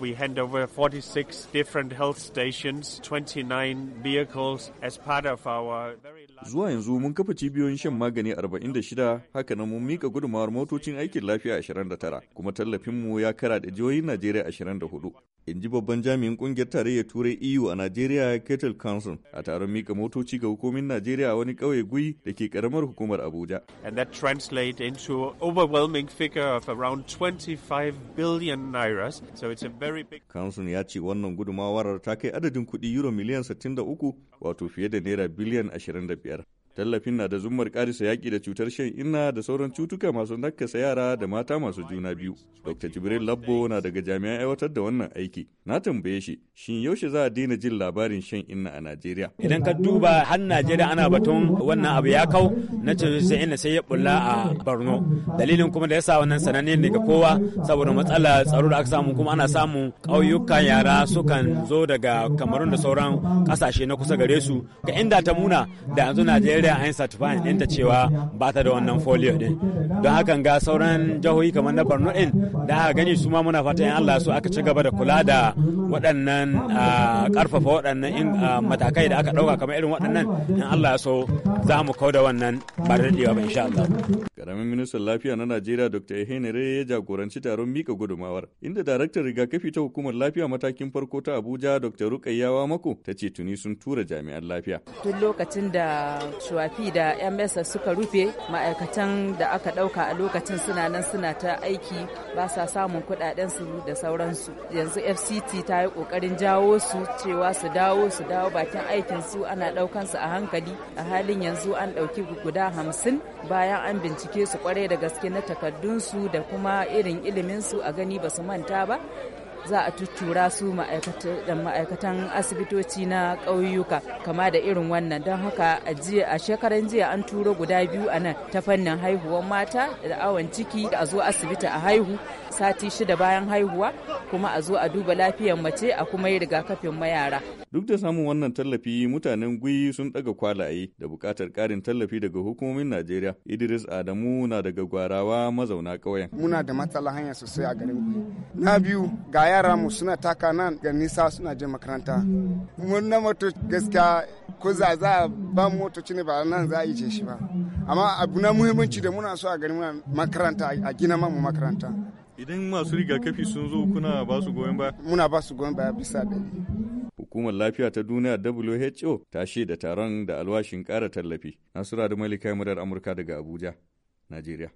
We hand over 46 different health stations, 29 vehicles as part of our Zuwa yanzu mun kafa cibiyoyin shan magani 46 haka nan mun mika gudunmawar motocin aikin lafiya 29 kuma tallafinmu ya kara da jihohin Najeriya 24. in ji babban jami'in kungiyar tarayyar turai eu a najeriya kettle council a taron mika motoci ga hukumin najeriya a wani kauye gui da ke karamar hukumar abuja and that translate into overwhelming figure of around 25 billion naira so it's a very big council ya ce wannan gudumawar ta kai adadin kuɗi euro miliyan 63 wato fiye da naira biliyan 25 Tallafin na da zummar karisa yaƙi da cutar shan inna da sauran cutuka masu nakasa yara da mata masu juna biyu. Dr. Jibril Labbo na daga jami'an aiwatar da wannan aiki. Na tambaye shi, shin yaushe za a daina jin labarin shan inna a Najeriya? Idan ka duba har Najeriya ana batun wannan abu ya kau na cutar inna sai ya bulla a Borno. Dalilin kuma da ya sa wannan sananne ne ga kowa saboda matsala tsaro da aka samu kuma ana samun ƙauyukan yara sukan zo daga kamarun da sauran kasashe na kusa gare su. Ga inda ta muna da yanzu Najeriya Najeriya an certifying ɗinta cewa ba ta da wannan folio ɗin. Don hakan ga sauran jihohi kamar na Borno ɗin da aka gani su ma muna fata in Allah su aka ci gaba da kula da waɗannan ƙarfafa waɗannan matakai da aka ɗauka kamar irin waɗannan in Allah so za mu kau da wannan ba da daɗewa ba insha Allah. Karamin ministan lafiya na Najeriya Dr. Ehenere ya jagoranci taron mika gudumawar, inda daraktar rigakafi ta hukumar lafiya matakin farko ta Abuja Dr. Rukayyawa Mako ta ce tuni sun tura jami'an lafiya. Tun lokacin da shuwafi da ms suka rufe ma'aikatan da aka ɗauka a lokacin suna nan suna ta aiki ba sa samun kuɗaɗensu da sauransu. Yanzu FCT ta yi ƙoƙarin jawo su cewa su dawo su dawo bakin aikin su ana ɗaukansu a hankali a halin yanzu an ɗauki guda hamsin bayan an bincike bincike su kwarai da gaske na takardunsu da kuma irin iliminsu a gani ba su manta ba za a tuttura su ma'aikatan asibitoci na ƙauyuka kama da irin wannan don haka a shekaran jiya an turo guda biyu a nan ta fannin haihuwar mata da awon ciki a zo asibiti a haihu sati shida bayan haihuwa kuma a zo a duba lafiyar mace a kuma yi rigakafin mayara. Duk da samun wannan tallafi mutanen gwi sun daga kwalaye da bukatar karin tallafi daga hukumomin Najeriya. Idris Adamu na daga gwarawa mazauna ƙauyen. Muna da matsala hanya sosai a garin Na biyu ga yara mu suna taka nan ga nisa suna je makaranta mun na moto gaskiya ko za za ba motoci ne ba nan za a yi shi ba amma abu na muhimmanci da muna so a gani makaranta a gina mamu makaranta idan masu rigakafi sun zo kuna ba su goyon baya muna ba su goyon baya bisa ɗari hukumar lafiya ta duniya WHO ta shaida taron da alwashin kara tallafi. Nasura da Malika Murar Amurka daga Abuja, Najeriya.